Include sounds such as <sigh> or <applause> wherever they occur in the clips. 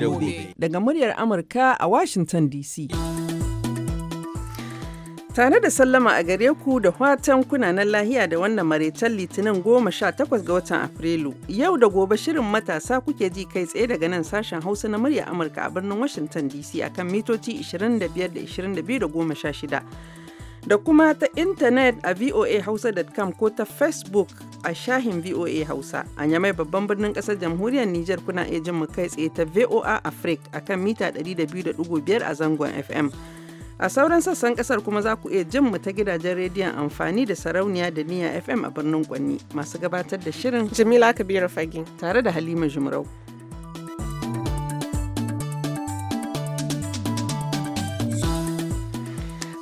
da daga muryar Amurka a Washington DC. Tare da sallama a gare ku da watan kunanan lahiya da wannan maraicen litinin goma sha takwas ga watan Afrilu. Yau da gobe shirin matasa kuke ji kai tsaye daga nan sashen Hausa na murya Amurka a birnin Washington DC akan mitoci 25 da 22 da da kuma ta intanet a voahausa.com ko ta facebook a shahin voa hausa a yamai babban birnin kasar jamhuriyar niger kuna iya jin mu kai tsaye ta voa a kan mita 200.5 a zangon fm a sauran sassan kasar kuma za ku iya jin mu ta gidajen rediyon amfani da sarauniya da niya fm a birnin kwanni masu gabatar da shirin jimila kabiru fage tare da halima jumrau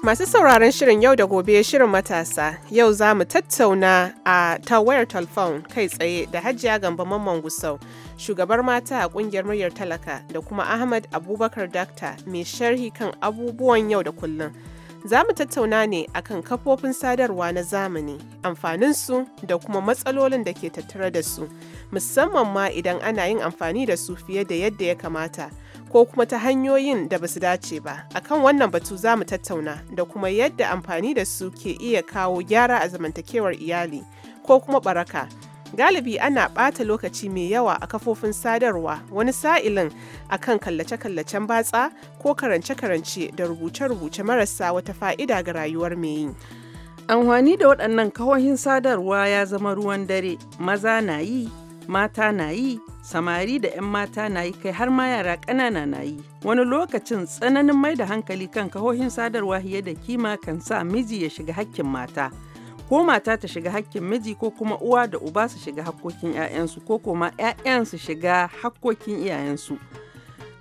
Masu sauraron shirin yau da gobe shirin matasa yau za mu tattauna a ta wayar talfon kai tsaye da hajiya gamba mamman gusau shugabar mata a kungiyar muryar talaka da kuma Ahmad Abubakar Dakta mai sharhi kan abubuwan yau da kullum. Za mu tattauna ne akan kafofin sadarwa na zamani, amfaninsu da kuma matsalolin da ke tattare da su, musamman ma idan ana yin amfani da su fiye da yadda ya kamata. ko kuma ta hanyoyin da ba su dace ba akan wannan batu za mu tattauna da kuma yadda amfani da su ke iya kawo gyara a zamantakewar iyali ko kuma baraka galibi ana ɓata lokaci mai yawa a kafofin sadarwa wani sa'ilin akan kallace-kallacen batsa ko karance-karance da rubuce-rubuce marasa wata fa'ida ga rayuwar mai yi amfani da waɗannan kawahin sadarwa ya zama ruwan dare maza na yi mata na yi samari da 'yan mata na yi kai har ma yara ƙanana na yi wani lokacin tsananin mai da hankali kan kahohin sadarwa fiye da kima kan sa miji ya shiga hakkin mata ko mata ta shiga hakkin miji ko kuma uwa da uba su shiga hakkokin 'ya'yansu ko kuma 'ya'yan su shiga hakkokin iyayensu.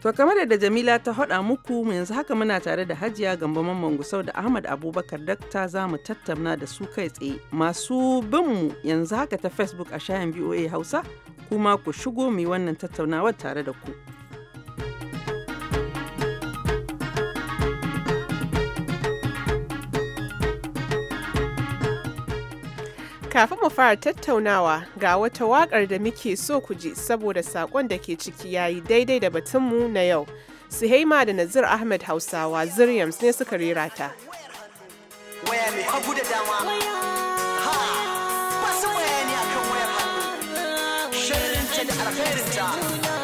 To kamar yadda Jamila ta haɗa muku yanzu haka muna tare da Hajiya Gambo Mamman Gusau da Ahmad Abubakar Dakta za mu tattauna da su kai tsaye. Masu bin mu yanzu haka ta Facebook a shayin BOA Hausa kuma ku shigo mu wannan tattaunawar tare da ku. Kafin mu fara tattaunawa ga wata waƙar da muke so ku ji saboda sakon da ke ciki yayi daidai da batunmu na yau. Suhaima da Nazir Ahmed Hausawa Ziryams ne suka rera ta. da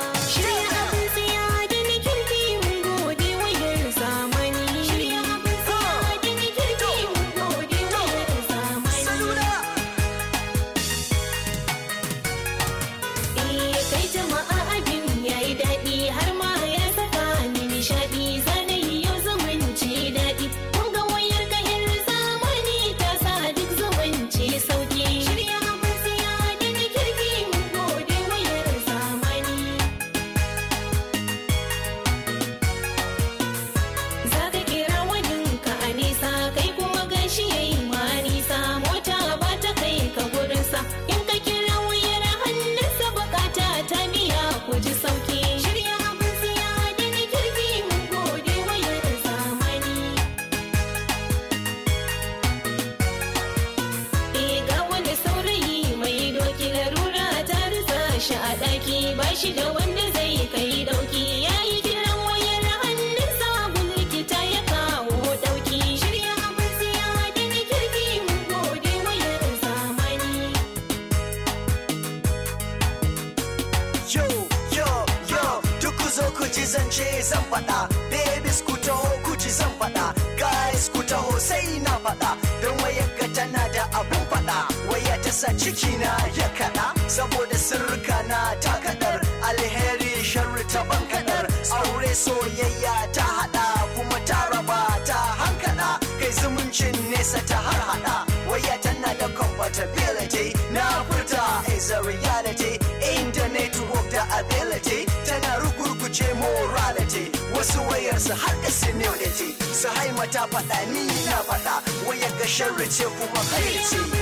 she know wasu wayar su har da ce su haima ta faɗa ni na faɗa wayar ga sharri ce kuma kai ce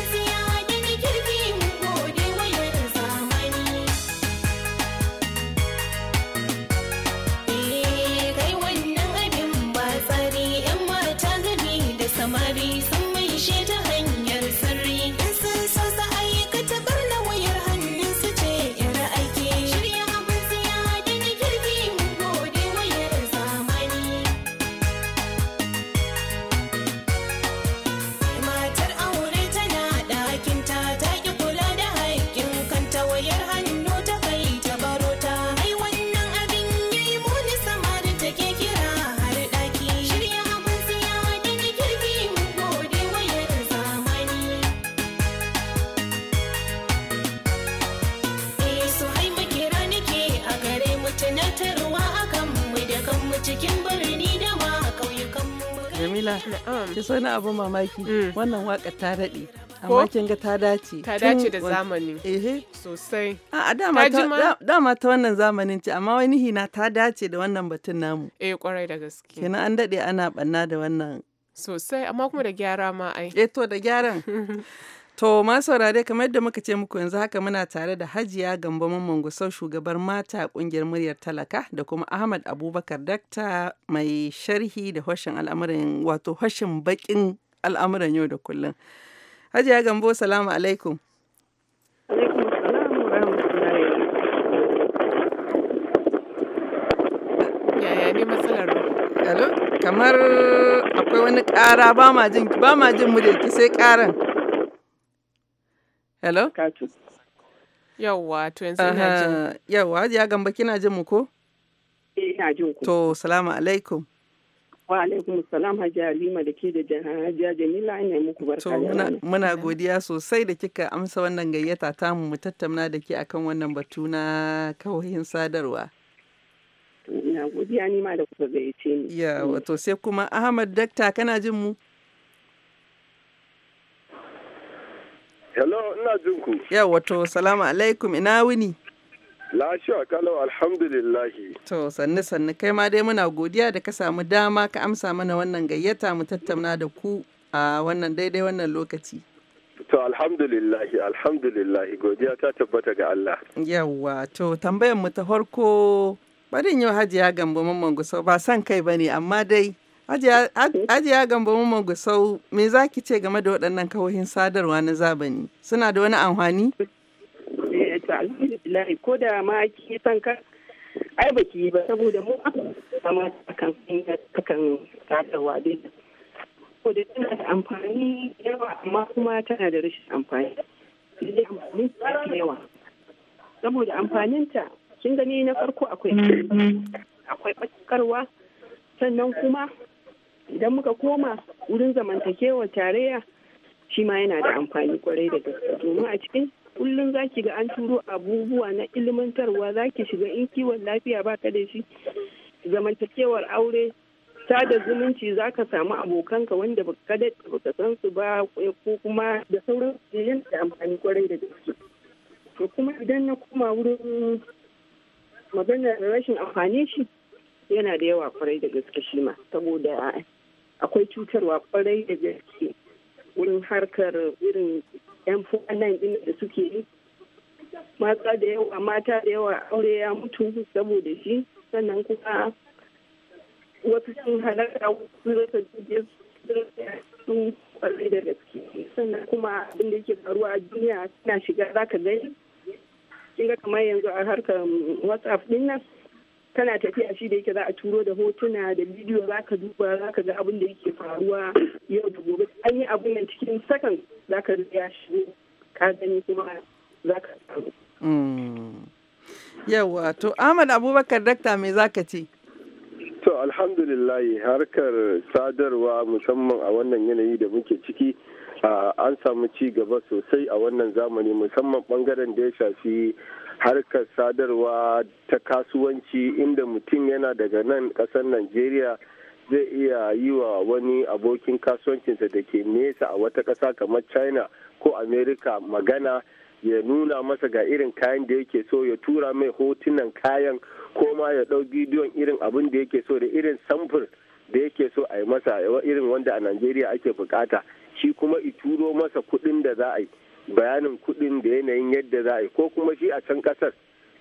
jamila ki so na abun mamaki mm. wannan waka ta daɗe amma kin ga ta dace ta dace da zamani ehe sosai a dama ta dama ta wannan zamanin ce amma wani hina ta dace da wannan batun namu eh kwarai da gaske kenan an daɗe ana banna da wannan sosai amma kuma da gyara ma ai eh to da gyaran <laughs> To ma saurare kamar yadda muka ce muku yanzu haka muna tare da Hajiya Gambo Mamman Gusau shugabar mata kungiyar muryar talaka da kuma Ahmad Abubakar Dakta mai sharhi da hoshin al'amuran wato hoshin bakin al'amuran yau da kullum. Hajiya Gambo salamu alaikum. Yaya ne matsalar? Yalo. Kamar akwai wani ƙara ba ma jin ba ma jin mu da sai ƙaran. hello yawwa to yanzu ina jin yawwa ya gamba kina jin mu ko eh, ina jin ku to salamu alaikum wa alaikum salam hajiya halima da ke da hajiya jamila ina muku barka to muna godiya sosai da kika amsa wannan gayyata ta mu tattauna da ke akan wannan batu na kawohin sadarwa ina godiya ni ma da kuka gayyace ni Yawwa, to sai kuma ahmad dakta kana jin mu Hello, ina jinku. Yau wato, salamu alaikum, ina wuni. Lafiya kalau alhamdulillahi. To sannu sannu kai ma dai muna godiya da ka samu dama ka amsa mana wannan gayyata mu tattauna da ku a wannan daidai wannan lokaci. To alhamdulillahi alhamdulillahi godiya ta tabbata ga Allah. Yawwa to tambayar mu ta farko barin yau hajiya gambo mamman Gusau ba san kai ba ne amma dai Ajiya gamba mu gusau me za ki ce game da waɗannan kawohin sadarwa na zabani suna da wani amfani? Eh, ko da ma ki san ka ai ba ki ba saboda mu amma ta kan sadarwa dai ko da tana da amfani yawa amma kuma tana da rashin amfani da amfani da yawa saboda amfaninta kin gani na farko akwai mm-hmm. akwai bakarwa sannan kuma idan muka koma wurin zamantakewar tarayya shi ma yana da amfani kwarai da gaske domin a cikin kullum za ki ga an turo abubuwa na ilmantarwa za ki shiga in kiwon lafiya ba ka da shi zamantakewar aure sada zumunci za ka samu abokanka wanda ba ka baka san su ba ko kuma da sauran yana da amfani kwarai da gaske to kuma idan na koma wurin maganar rashin amfani shi yana da yawa kwarai da gaske shi ma saboda akwai cutarwa kwarai da gaske wurin harkar irin yan nan din da suke yi mata da yawa mata da yawa aure ya mutu saboda shi sannan kuma wasu sun halarta wasu rasa dubiya sun kwarai da gaske sannan kuma abin da yake faruwa a duniya suna shiga za ka gani kamar yanzu a harkar whatsapp din nan kana tafiya shi da yake za a turo da hotuna da bidiyo za ka duba za ka ga abin da yake faruwa yau da gobe an yi abin nan cikin sakan za ka ya shigo ka gani kuma za ka mm. yawa to ahmad abubakar dakta me za ka ce to alhamdulillah harkar sadarwa musamman a wannan yanayi da muke ciki an samu ci gaba sosai a wannan zamani musamman bangaren da ya shafi harkar sadarwa ta kasuwanci inda mutum yana daga nan kasar najeriya zai iya yi wa wani abokin kasuwancinsa da ke nesa a wata ƙasa kamar china ko america magana ya nuna masa ga irin kayan da yake so ya tura mai hotunan kayan ko ma ya ɗau bidiyon irin abin da yake so da irin samfur da yake so a yi masa irin wanda a najeriya ake bukata shi kuma i masa kudin da za a yi bayanin kudin da yanayin yadda za a yi ko kuma shi a can kasar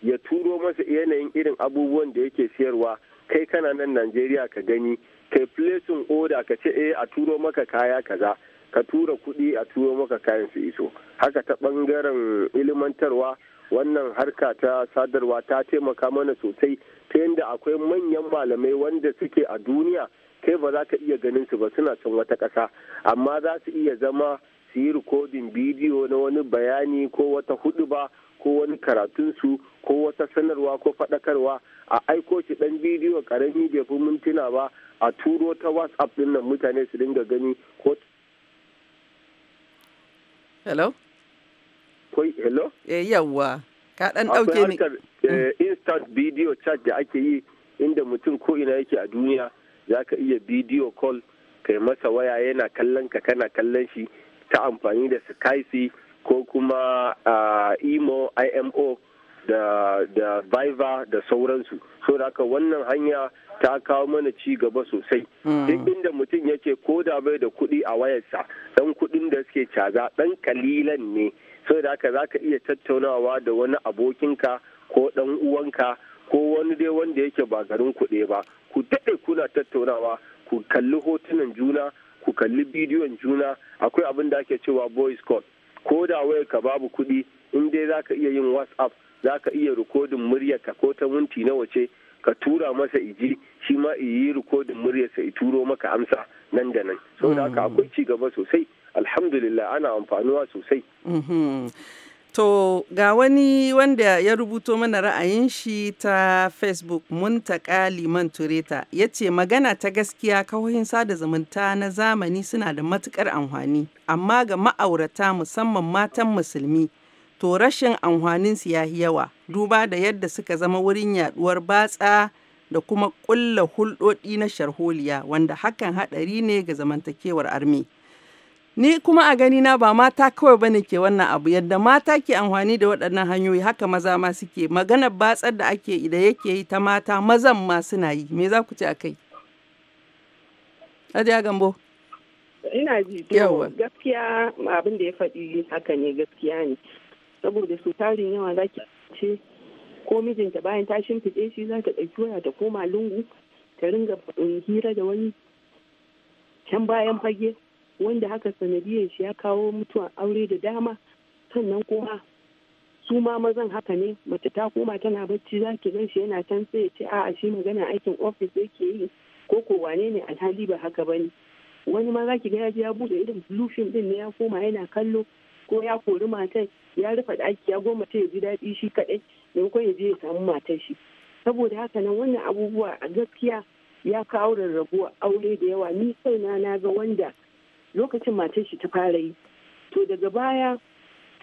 ya turo masa yanayin irin abubuwan da yake siyarwa kai kana nan najeriya ka gani kai placing order ka ce eh, a turo maka kaya kaza ka tura kudi a turo maka kayan su iso haka ta bangaren ilimantarwa wannan harka ta sadarwa ta taimaka mana sosai ta yadda akwai manyan malamai wanda suke a duniya kai ba za ka iya ganin su ba suna can wata ƙasa amma za su iya zama su yi rikodin bidiyo na wani bayani ko wata hudu ba ko wani karatunsu ko wata sanarwa ko faɗakarwa a aiko shi ɗan bidiyo ƙarami bai fi mintuna ba a turo ta whatsapp ɗin nan mutane su dinga gani ko hello Koi, hello eh yawa ka dan dauke ni instant video chat da ake yi inda mutum ko ina yake a duniya za ka iya bidiyo call kai masa waya yana kallon ka kana kallon shi ta amfani da skype ko kuma imo imo da da viva da sauransu so da haka wannan hanya ta kawo mana ci gaba sosai mm. duk inda mutum yake ko da bai da kuɗi a wayarsa dan kuɗin da suke caza dan kalilan ne so da haka ka iya tattaunawa da wani abokinka ko ɗan uwanka ko wani dai wanda yake ba garin kuɗe ba ku daɗe kuna tattaunawa ku kalli hotunan juna ku kalli bidiyon juna akwai abin da ake cewa boys call ko da wayar ka babu kuɗi in dai za ka iya yin whatsapp za ka iya rikodin muryar ka ko ta minti nawa ce ka tura masa iji shi ma yi rikodin muryar sa turo maka amsa nan da nan saboda haka mm. akwai ci gaba sosai alhamdulillah ana amfanuwa sosai mm-hmm. To ga wani wanda ya rubuto mana ra'ayin shi ta Facebook Muntaka Liman Tureta ya ce magana ta gaskiya kawohin sada zumunta na zamani suna da matukar amfani amma ga ma'aurata musamman matan musulmi to rashin amfaninsu ya yi yawa duba da yadda suka zama wurin yaduwar batsa da kuma ƙulla hulɗoɗi na sharholiya wanda hakan haɗari ne ga zamantakewar armi. Ni kuma a gani na ba mata kawai bane ke wannan abu yadda mata ke amfani da waɗannan hanyoyi haka maza ma suke maganar batsar da ake da yake yi ta mata mazan ma suna yi me za ku ce akai? Ajiya Gambo. Ina ji gaskiya abin da ya faɗi haka ne gaskiya ne saboda su tarin yawa zaki ce ko mijinta bayan ta shimfiɗe shi za ta ɗauki waya ta koma lungu ta ringa hira da wani can bayan fage wanda haka sanadiyar shi ya kawo mutuwan aure da dama sannan kuma su ma mazan haka ne mace ta koma tana bacci za ki gan shi yana can sai ya ce a'a shi magana aikin ofis yake yi ko ko wane ne alhali ba haka ba ne wani ma za ki ga ya bude ya buɗe irin blushin din ne ya koma yana kallo ko ya kori matar ya rufe ɗaki ya goma ta ya ji daɗi shi kaɗai maimakon ya je ya samu matar shi saboda haka nan wannan abubuwa a gaskiya ya kawo rarrabuwa aure da yawa ni sai na ga wanda lokacin matar shi ta fara yi to daga baya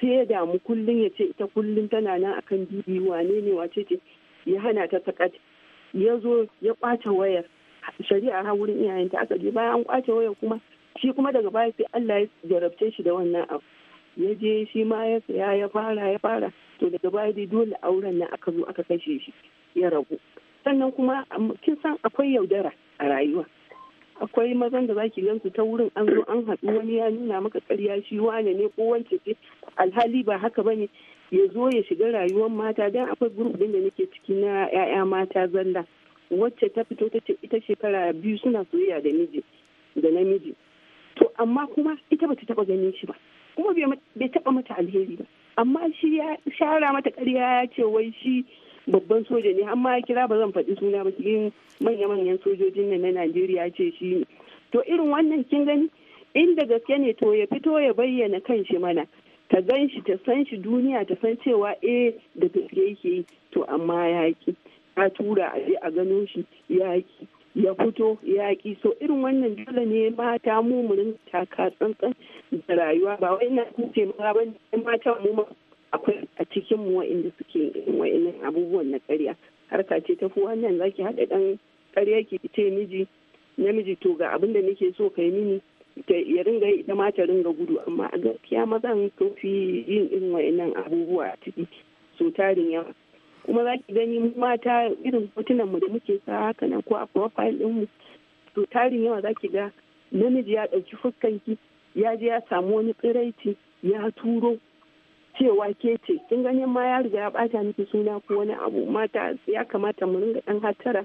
sai ya damu kullum ya ce ita kullum tana nan akan bibi wane ne wace ce ya hana ta takat ya zo ya kwace wayar shari'a har wurin iyayenta aka je Baya an kwace wayar kuma shi kuma daga baya sai Allah ya jarabce shi da wannan abu ya je shi ma ya saya ya fara ya fara to daga baya dai dole auren nan aka zo aka kashe shi ya rabu. sannan kuma kin san akwai yaudara a rayuwa akwai mazan da zaki gansu ta wurin an zo an haɗu wani ya nuna maka ƙarya shi wane ne ko wance ce alhali ba haka ba ne ya zo ya shiga rayuwar mata dan akwai group din da nake ciki na 'ya'ya mata zalla wacce ta fito ta ce ita shekara biyu suna soyayya da miji da namiji to amma kuma ita bata taba ganin shi ba kuma bai taba mata alheri ba amma shi ya shara mata ƙarya ya ce wai shi babban soja ne amma ya kira ba zan faɗi suna ba cikin manya-manyan sojojin nan na Najeriya ce shi ne to irin wannan kin gani inda gaske ne to ya fito ya bayyana kan shi mana ta gan shi ta san shi duniya ta san cewa eh da gaske yake yi to amma ya ki ta tura a a gano shi ya ya fito ya ki so irin wannan dole ne mata mu mu rinka taka tsantsan da rayuwa ba wai ina kuce ma ba ne mata mu akwai a cikin mu wa'inda suke wa'innan abubuwan na ƙarya harka ce tafi wannan zaki haɗa ɗan ƙarya ki ce miji namiji to ga abin da nake so kai mini ya ringa ita ma ta ringa gudu amma a gaskiya mazan to fi yin irin wa'innan abubuwa a ciki so tarin yawa kuma za ki gani mata irin hotunan mu da muke sa haka nan ko a profile ɗin mu so tarin yawa za ki ga namiji ya ɗauki fuskanki ya je ya samu wani tsiraici ya turo cewa ke ce kin ganin ma ya riga ya bata miki suna ko wani abu mata ya kamata mu ringa dan hattara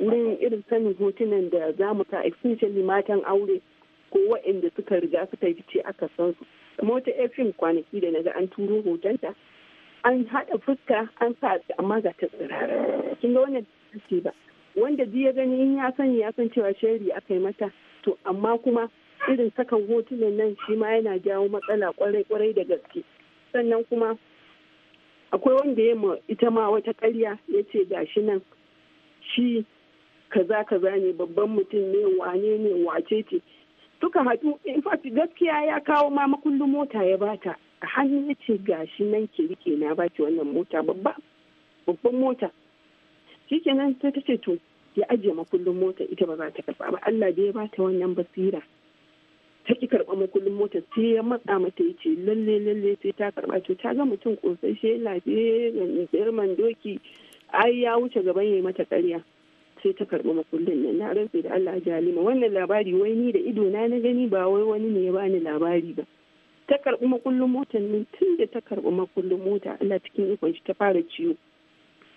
wurin irin sanin hotunan da za mu ka especially matan aure ko waɗanda suka riga suka yi fice aka san su kuma wata fim kwanaki da naga an turo hotonta an haɗa fuska an sa amma ga ta tsirara kin ga wannan ce ba wanda ya gani in ya sani ya san cewa sheri aka yi mata to amma kuma irin sakan hotunan nan shi ma yana jawo matsala kwarai kwarai da gaske sannan kuma akwai wanda ya ma ita ma wata karya ya ce gashi nan shi kaza kaza ne babban mutum ne wane ne wace ce suka haɗu in fact gaskiya ya kawo ma makullin mota ya bata a hannu ya ce gashi nan ke rike na baki wannan mota babba babban mota shikenan sai ta ce to ya ajiye makullin mota ita ba za ta karba ba Allah da ya bata wannan basira ta ki karɓa makullin mota sai ya matsa mata ya ce lalle lalle sai ta karɓa to ta ga mutum kosashe lafiya tsayar man doki ai ya wuce gaban ya yi mata ƙarya sai ta karɓi makullin nan na rantse da Allah jalima wannan labari wai ni da ido na na gani ba wai wani ne ya bani labari ba ta karɓi makullin mota nan tun da ta karɓi makullin mota Allah cikin ikon shi ta fara ciwo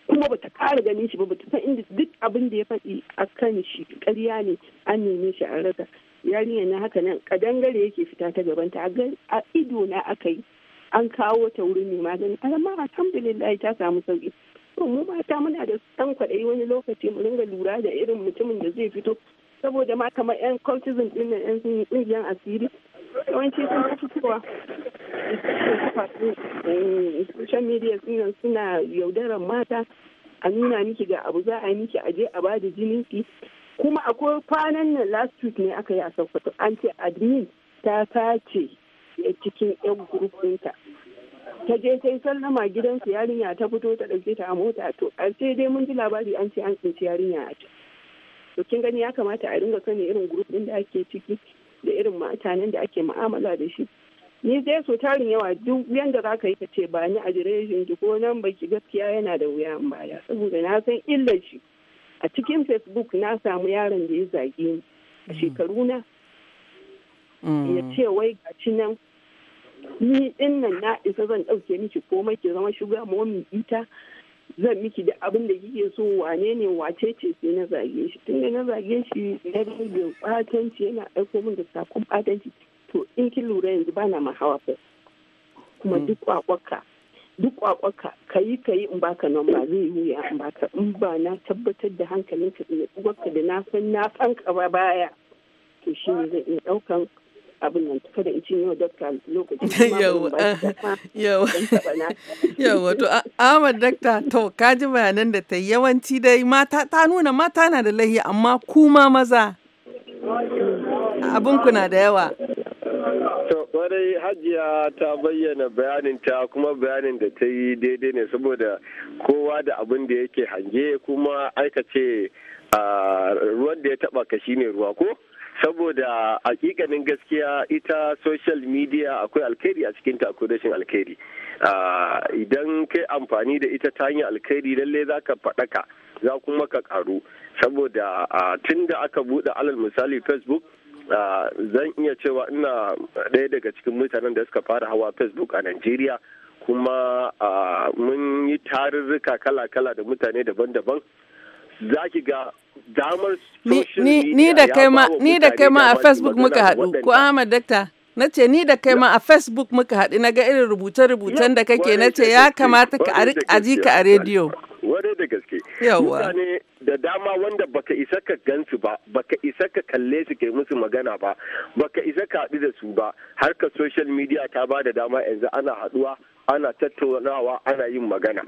kuma bata kara ganin shi ba bata san inda duk abin da ya faɗi a kan shi karya ne an neme shi a rasa yarinyar na haka nan kadangare yake fita ta gabanta a ido na aka yi an kawo ta wurin mai magani amma alhamdulillah ta samu sauki to mu mata muna da ɗan kwaɗayi wani lokaci mu ringa lura da irin mutumin da zai fito saboda ma kamar yan cultism din nan yan kungiyan asiri yawanci sun fi fitowa social media suna yaudarar mata a nuna miki ga abu za a yi miki a je a bada jinin kuma akwai kwanan nan last week ne aka yi a sokoto an ce admin ta sace cikin yan group ta je ta yi sallama gidansu yarinya ta fito ta ɗauke ta a mota to a sai dai mun ji labari an ce an tsinci yarinya a ta to kin gani ya kamata a ringa sani irin guruf da ake ciki da irin matanen da ake mu'amala da shi ni zai so tarin yawa duk yanda za ka yi ka ce ba ni a ki ko nan baki gaskiya yana da wuya in baya saboda na san illar shi a cikin facebook na samu yaron da ya zage ni a mm. shekaru na mm. ya ce wai gaci nan ni din nan na isa zan ɗauke miki komai ki zama shuga momi ita zan miki da abin da kike so wane ne wace ce sai na zage shi tun da na zage shi na rage batanci yana aiko min da sakon batanci to in kin lura yanzu bana ma kuma mm. duk kwakwaka duk kwakwaka ka yi ka yi in baka nan ba zai wuya in baka in ba na tabbatar da hankalinka da natsuwarka da na san na san ka ba baya to shi ne zai iya daukan abin nan kada in cin yau dakta lokacin yawa <laughs> <laughs> to Ahmad dakta to ji bayanan da ta yawanci dai mata ta nuna mata na da lahi amma kuma maza abin kuna da yawa dai hajiya ta bayyana bayanin ta kuma bayanin da ta yi daidai ne saboda kowa da abin da yake hange kuma aikace ruwan da ya taba ka ne ruwa ko saboda hakikanin gaskiya ita social media akwai alkhairi a cikin ta akwai rashin alkhairi idan kai amfani da ita ta hanyar alkhairi lalle za ka faɗaka za kuma ka karu saboda tun da aka buɗe alal misali facebook Ah, zan iya cewa ina ɗaya daga cikin mutanen da suka fara hawa facebook a nigeria kuma ah, mun yi tarurruka kala-kala da mutane daban-daban za ki ga damar social media ni da kai ma a facebook muka haɗu ko ahmad dakta na ce ni da kai ma a facebook muka haɗu na ga irin rubuce-rubucen da kake na ce ya kamata ka a ji ka a rediyo ware da gaske mutane da dama wanda baka isa ka gansu ba baka isa ka kalle su kai musu magana ba baka isa ka haɗu da su ba ka social media ta ba da dama yanzu ana haɗuwa ana tattaunawa ana yin magana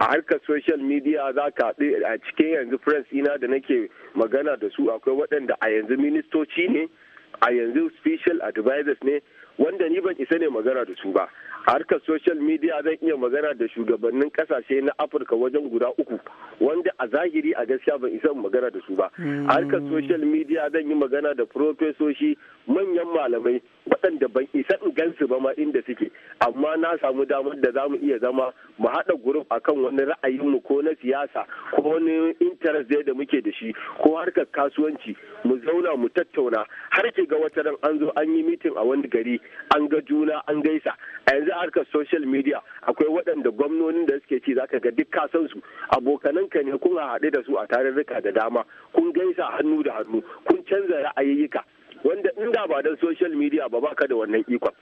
a harkar social media za ka haɗu a cikin yanzu friends ina da nake magana da su akwai waɗanda a yanzu ministoci ne a yanzu special advisors ne wanda ni ban isa ne magana da su ba harkar social media zan iya magana da shugabannin kasashe na afirka wajen guda uku wanda a zahiri a gaskiya ban isa magana da su ba hmm. harkar social media zan yi magana da profesoshi manyan malamai waɗanda ban isa in gansu ba ma inda suke amma na samu damar da za mu iya zama mu haɗa gurup akan wani ra'ayinmu ko na siyasa ko wani interest da yadda muke da shi ko harkar kasuwanci mu zauna mu tattauna har ke ga wata ran an zo an yi mitin a wani gari an ga juna an gaisa a yanzu harkar social media akwai waɗanda gwamnonin da suke ci zaka ga duk kasan su abokananka ne kun haɗu da su a tarurruka da dama kun gaisa hannu da hannu kun canza ra'ayoyika wanda inda ba dan social media ba baka da wannan ikon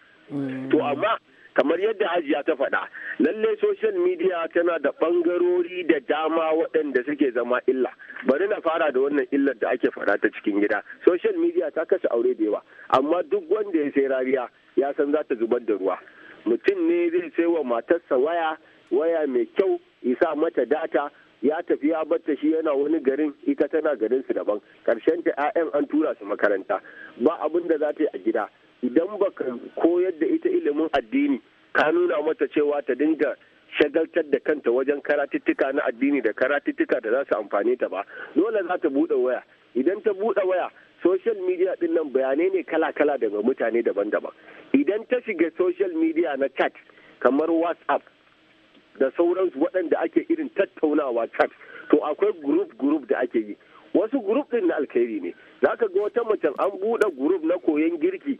to mm. amma kamar yadda hajiya ta faɗa lallai social media tana da ɓangarori da dama waɗanda suke zama illa bari na fara da wannan illar da ake faɗa ta cikin gida social media ta kashe aure da yawa amma duk wanda ya sai rariya ya san za ta zubar da ruwa mutum ne zai sai wa matarsa waya waya mai kyau isa mata data ya tafi ya batta shi yana wani garin ita tana garin su daban karshen ta 'ya'yan an tura su makaranta ba abin da za ta yi a gida idan baka koyar da ita ilimin addini ka nuna mata cewa ta dinga shagaltar da kanta wajen karatuttuka na addini da karatuttuka da za su amfane ta ba dole za ta buɗe waya idan ta buɗe waya social media din nan bayanai ne kala-kala daga mutane daban-daban idan ta shiga social media na chat kamar whatsapp da sauransu waɗanda ake irin tattaunawa chat to akwai group-group da ake yi wasu group din na alkhairi ne za ka ga wata macen an buɗe group na koyon girki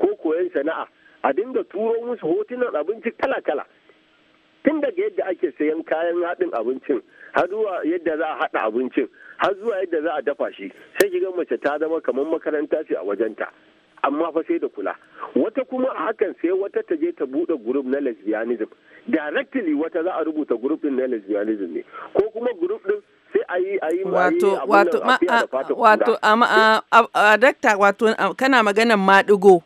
ko koyon sana'a a dinga turo musu hotunan abinci kala-kala tun daga yadda ake sayan kayan haɗin abincin har zuwa yadda za a haɗa abincin har zuwa yadda za a dafa shi sai kiga mace ta zama kamar makaranta ce a wajenta amma fa sai da kula wata kuma a hakan sai wata ta je ta buɗe group na lesbianism directly wata za a rubuta group din na lesbianism ne ko kuma group din sai a yi a yi wato wato wato a dakta wato kana maganan maɗigo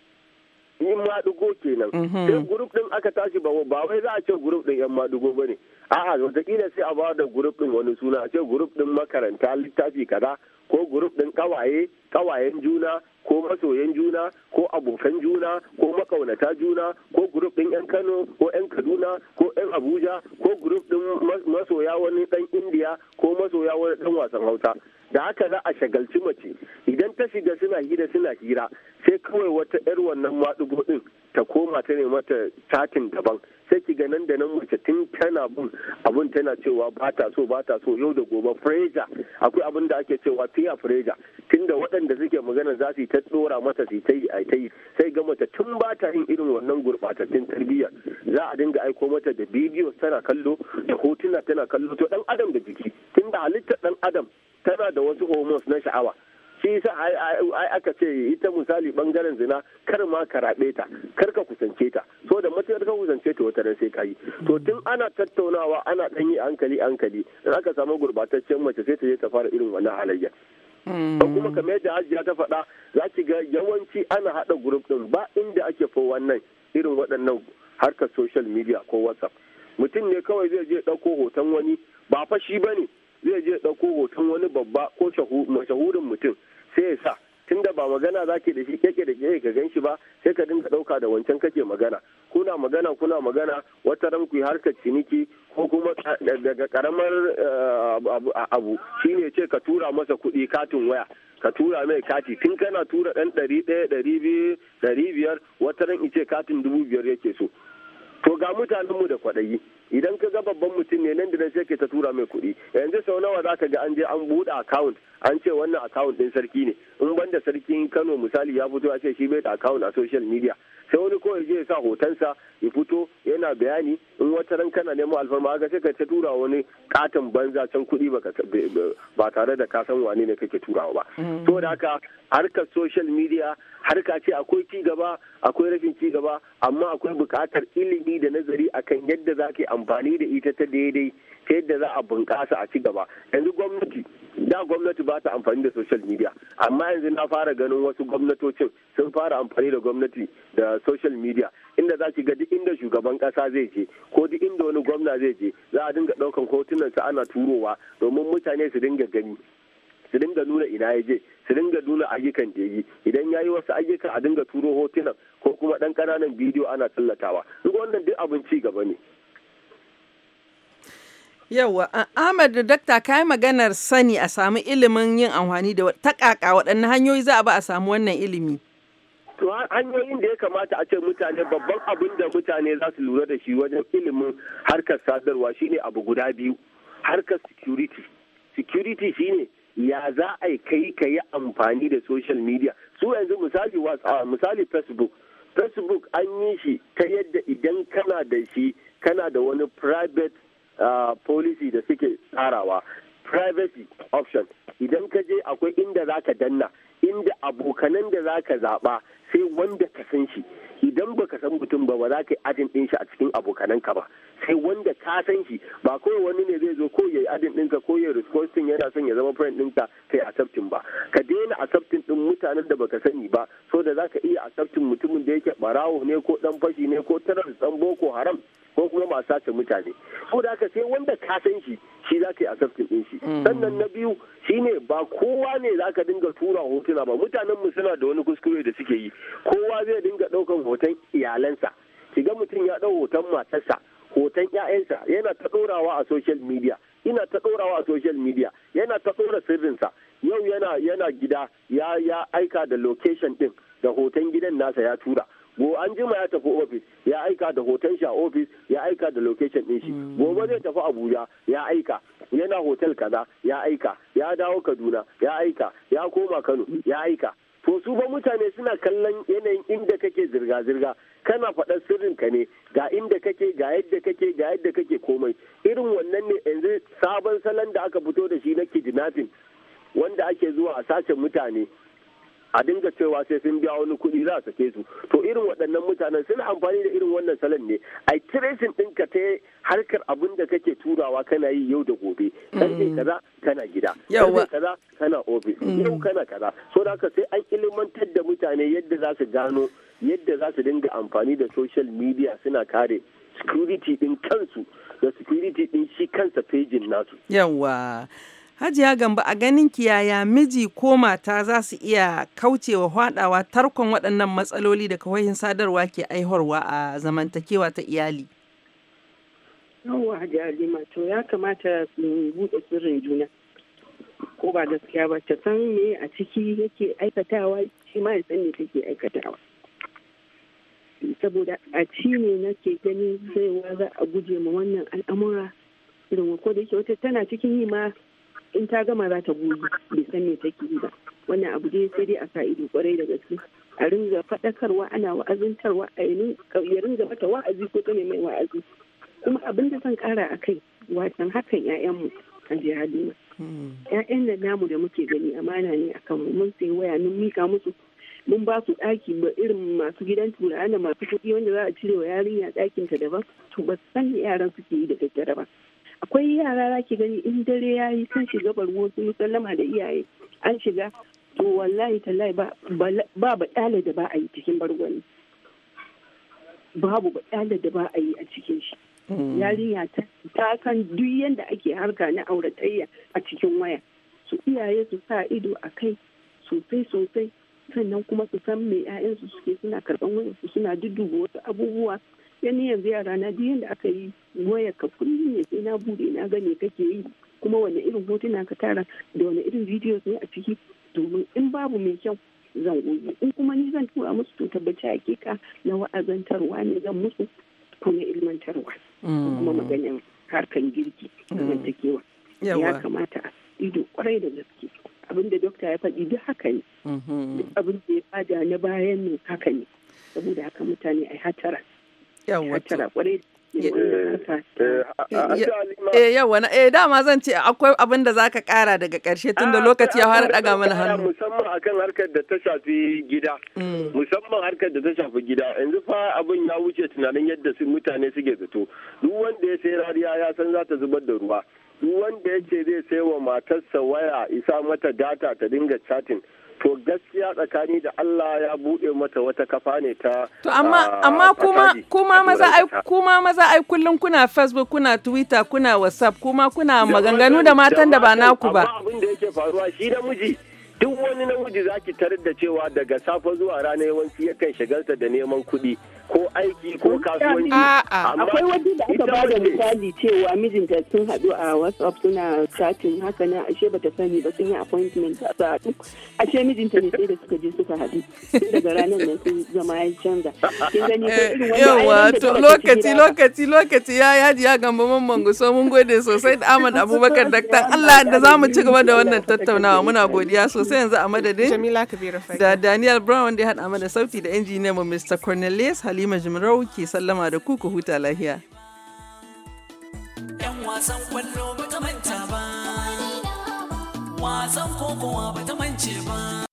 yin maɗugo kenan mhm. sai gurup din aka tashi ba wai za a ce gurup din yan maɗugo ba ne a'a wataƙila sai a ba da gurup din wani suna a ce gurup din makaranta littafi kaza ko gurup din kawaye kawayen juna ko masoyan juna ko abokan juna ko makaunata juna ko grup din 'yan kano ko 'yan kaduna ko 'yan abuja ko grup din masoya wani ɗan indiya ko masoya wani ɗan wasan hausa da haka za a shagalci mace idan ta shiga suna hira suna hira sai kawai wata 'yar wannan maɗugo din ta koma ta ne mata tatin daban sai ki ga nan da nan mace tun tana bin abun tana cewa ba ta so ba ta so yau da gobe freja akwai abin da ake cewa fiya freja tunda waɗanda suke magana za su yi ta tsora mata su ta yi ta yi sai ga mace tun ba ta yin irin wannan gurɓatattun tarbiyyar za a dinga aiko mata da bidiyo tana kallo da hotuna tana kallo to ɗan adam da jiki tunda halittar ɗan adam tana da wasu hormones na sha'awa shi yasa ai aka ce ita misali bangaren zina kar ma ka rabe ta kar ka kusance ta so da matsayar ka kusance ta wata ran sai ka yi to tun ana tattaunawa ana dan yi hankali hankali in aka samu gurbataccen mace sai ta je ta fara irin wannan halayya hmm. ko kuma kamar yadda ajiya ta faɗa za ki ga yawanci ana haɗa guruf din ba inda ake fa wannan irin waɗannan harkar social media ko whatsapp mutum ne kawai zai je ɗauko hoton wani ba fa shi ba ne zai je ɗauko hoton wani babba ko mashahurin mutum sai ya sa tun da ba magana za ke da shi keke da ke ka gan shi ba sai ka dinga ɗauka da wancan kake magana kuna magana kuna magana wata ranku ku harka ciniki ko kuma daga karamar eh, abu shine ce ka tura masa kuɗi katin waya ka tura mai kati tun kana tura ɗan ɗari ɗaya ɗari biyu ɗari biyar wata ran ice katin dubu biyar yake so to ga mutanenmu da kwaɗayi idan ka ga babban mutum ne nan da sai ke ta tura mai kuɗi yanzu sau nawa za ka ga an je an buɗe account an ce wannan account ɗin sarki ne in banda sarkin kano misali ya fito ya ce shi bai da account a social media sai wani ko je ya sa hotonsa ya fito yana bayani in wata ran kana neman alfarma ga sai ka ta tura wani katon banza can kuɗi ba tare da ka san wane ne kake turawa ba to mm. da haka harkar social media harka ce akwai ci gaba akwai rashin ci gaba amma akwai buƙatar ilimi da nazari akan yadda za ka amfani da ita ta daidai ta yadda za a bunƙasa a ci gaba yanzu gwamnati da gwamnati ba ta amfani da social media amma yanzu na fara ganin wasu gwamnatocin sun fara amfani da gwamnati da social media inda za ki ga duk inda shugaban kasa zai je ko duk inda wani gwamna zai je za a dinga ɗaukan hotunansa ana turowa domin mutane su dinga gani su dinga nuna ina ya je su dinga nuna ayyukan da yi idan ya yi wasu ayyukan a dinga turo hotunan ko kuma ɗan kananan bidiyo ana tallatawa duk wannan duk abin ci gaba ne Yawa, Ahmad da Dakta kayi maganar sani a samu ilimin yin amfani da ta kaka waɗannan hanyoyi za a ba a samu wannan ilimi. To hanyoyin da ya kamata a ce mutane babban abin da mutane za su lura da shi wajen ilimin harkar sadarwa shine abu guda biyu. Harkar security. Security shine ya za a yi kai ka yi amfani da social media. Su yanzu misali WhatsApp, misali Facebook. Facebook an yi shi ta yadda idan kana da shi kana da wani private policy da suke tsarawa privacy option idan ka je akwai inda za ka danna inda abokanan da za ka zaɓa sai wanda ka san shi idan ba ka san mutum ba ba za ka yi ajin ɗin shi a cikin abokanan ka ba sai wanda ka san shi ba kawai wani ne zai zo ko ya yi ajin ɗinka ko ya responsing yana son ya zama friend ɗinka kai accepting ba ka daina accepting ɗin mutanen da baka sani ba so da za ka iya accepting mutumin da yake barawo ne ko ɗan fashi ne ko tarar ɗan boko haram ko kuma masu sace mutane ko da haka sai wanda ka san shi shi za ka yi asaftin din shi mm. sannan na biyu shine ba kowa ne za ka dinga tura hotuna ba mutanen mu suna da wani kuskure da suke yi kowa zai dinga ɗaukan hoton iyalansa kiga mutum ya ɗau hoton matarsa hoton ƴaƴansa yana ta ɗorawa a social media ina ta ɗorawa a social media yana ta ɗora sirrinsa yau yana yana gida ya ya aika da location ɗin da hoton gidan nasa ya tura go an jima ya tafi ofis ya aika da hoton shi a ofis ya aika da location din shi mm. gobe zai tafi abuja ya aika yana hotel kaza ya aika ya dawo kaduna ya aika ya koma kano ya aika to su ba mutane suna kallon yanayin inda kake zirga-zirga kana faɗar sirrinka ne ga inda kake ga yadda kake ga yadda kake komai irin wannan ne yanzu sabon salon da aka fito da shi na kidnapping wanda ake zuwa a sace mutane a dinga cewa sai sun biya wani kuɗi za a sake su to irin waɗannan mutanen suna amfani da irin wannan salon ne ai tracing ɗinka ta harkar abin da kake turawa kana yi yau da gobe karfe mm. kaza kana gida karfe kaza kana ofis mm. yau kana kaza so da haka sai an ilimantar da mutane yadda za su gano yadda za su dinga amfani da social media suna kare security ɗin kansu da security ɗin shi kansa pejin nasu yawa Hajiya Gambo a ganin kiyaya miji ko mata za su iya kaucewa hwadawa tarkon waɗannan matsaloli da kawahin sadarwa ke aiharwa a zamantakewa ta iyali. Yawwa Hajiya Halima to ya kamata su buɗe sirrin juna. Ko ba gaskiya ba ta san me a ciki yake aikatawa shi ma ya san take aikatawa. Saboda a ci ne nake ganin cewa za a guje ma wannan al'amura irin ko da yake wata tana cikin yi ma in ta gama za ta goyi bai san me ke yi ba wannan abu dai sai dai a sa ido kwarai da gaske a ringa faɗakarwa ana wa'azantarwa a ya ringa mata wa'azi ko ta mai wa'azi kuma abin da zan kara a kai watan hakan 'ya'yanmu a jihadina 'ya'yan hmm. da namu da muke gani amana ne a mu mun sayi waya mun mika musu mun ba su ɗaki ba irin masu gidan turawa da masu kuɗi wanda za a cire wa yarinya ɗakinta daban to ba san yaran suke yi da daddare ba akwai yara za ki gani in dare ya yi sun shiga barwo sun musallama da iyaye an shiga to wallahi tallahi ba ba da ba a yi cikin babu baɗalar da ba a yi a cikin shi mm. yarinya ta kan duk yadda ake harka na auratayya a cikin waya su iyaye su sa ido a kai sosai sosai sannan kuma su san me 'ya'yansu suke suna karɓan su suna dudduba wasu abubuwa gaskiya ni yanzu yara na duk yadda aka yi waya ka kullum ne sai na bude na gane kake yi kuma wani irin hotuna ka tara da wani irin bidiyo ne a ciki domin in babu mai kyau zan goge in kuma ni zan tura musu to tabbaci hakika na wa'azantarwa ne zan musu kuma ilmantarwa kuma mm. maganin harkan girki mm. zamantakewa ya kamata a ido kwarai da gaske abin da dokta ya faɗi duk haka ne mm-hmm. abin da ya fada na bayan ne haka ne saboda haka mutane a hatara yawa eh, eh, na eh dama zan ce akwai abin da zaka kara daga karshe tun da ah, lokaci ya ah, fara daga ah, mana hannu musamman akan harkar da ta shafi gida mm. musamman harkar da ta shafi gida yanzu fa abin ya wuce tunanin yadda su mutane suke zato duk wanda ya sayi rariya ya san za ta zubar da ruwa duk wanda ya ce zai sai wa matarsa waya isa mata data ta dinga chatting to gaskiya tsakani da Allah ya buɗe mata wata kafa ne ta to amma ah, amma kuma kuma maza ai kuma maza ai kullun kuna Facebook kuna Twitter kuna WhatsApp kuma kuna maganganu da matan da ba naku ba abin da yake faruwa shi namiji duk wani namiji zaki tarar da cewa daga safe zuwa rana yawanci yakan shagalta da neman kuɗi ko aiki ko kasuwanci. Akwai waje da aka ba da misali cewa mijinta sun haɗu a WhatsApp suna chatting haka na ashe bata sani ba sun yi appointment a sa duk Ashe mijinta ne sai da suka je suka haɗu. daga ranar nan sun zama ya canza. Yawa to lokaci lokaci lokaci ya yaji ya gamba mamman guso mun gode sosai da Ahmad Abubakar daktar Allah da za mu ci gaba da wannan tattaunawa muna godiya sosai yanzu a madadin. Jamila Kabiru Da Daniel Brown wanda ya haɗa mana sauti da injiniyan mu Mr. Cornelius Halima Jimrau ke sallama da ku ku huta lahiya. Yan wasan kwallo ba ta manta ba, wasan kokowa ba ta mance ba.